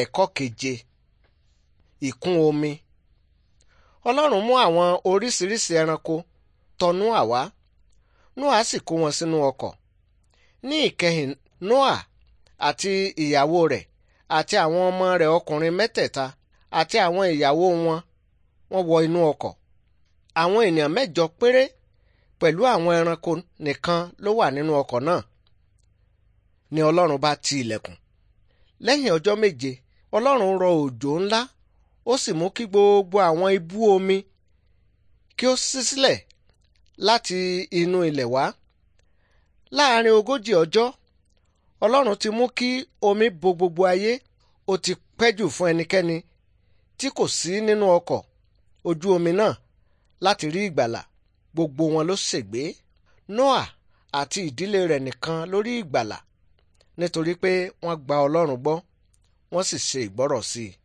ẹ̀kọ́ keje ìkún omi ọlọ́run mú àwọn oríṣiríṣi ẹranko tọnú àwá noa sì kó wọn sínú ọkọ̀ ní ìkẹyìn noa àti ìyàwó rẹ̀ àti àwọn ọmọ rẹ̀ ọkùnrin mẹ́tẹ̀ẹ̀ta àti àwọn ìyàwó wọn wọ́n wọ inú ọkọ̀ àwọn ènìyàn mẹ́jọ péré pẹ̀lú àwọn ẹranko nìkan ló wà nínú ọkọ̀ náà ni ọlọ́run bá ti ilẹ̀kùn lẹ́yìn ọjọ́ méje ọlọ́run rọ òjò ńlá ó sì mú kí gbogbo àwọn ibú omi kí ó ṣí sílẹ̀ láti inú ilẹ̀ wá láàárín ogójì ọjọ́ ọlọ́run ti mú kí omi bo gbogbo ayé ó ti pẹ́jù fún ẹnikẹ́ni tí kò sí nínú ọkọ̀ ojú omi náà láti rí ìgbàlà gbogbo wọn ló ṣègbé noah àti ìdílé rẹ̀ nìkan ló ìgbàlà nítorí pé wọ́n gba Ọlọ́run gbọ́ wọ́n sì ṣe ìgbọ́rọ̀ sí i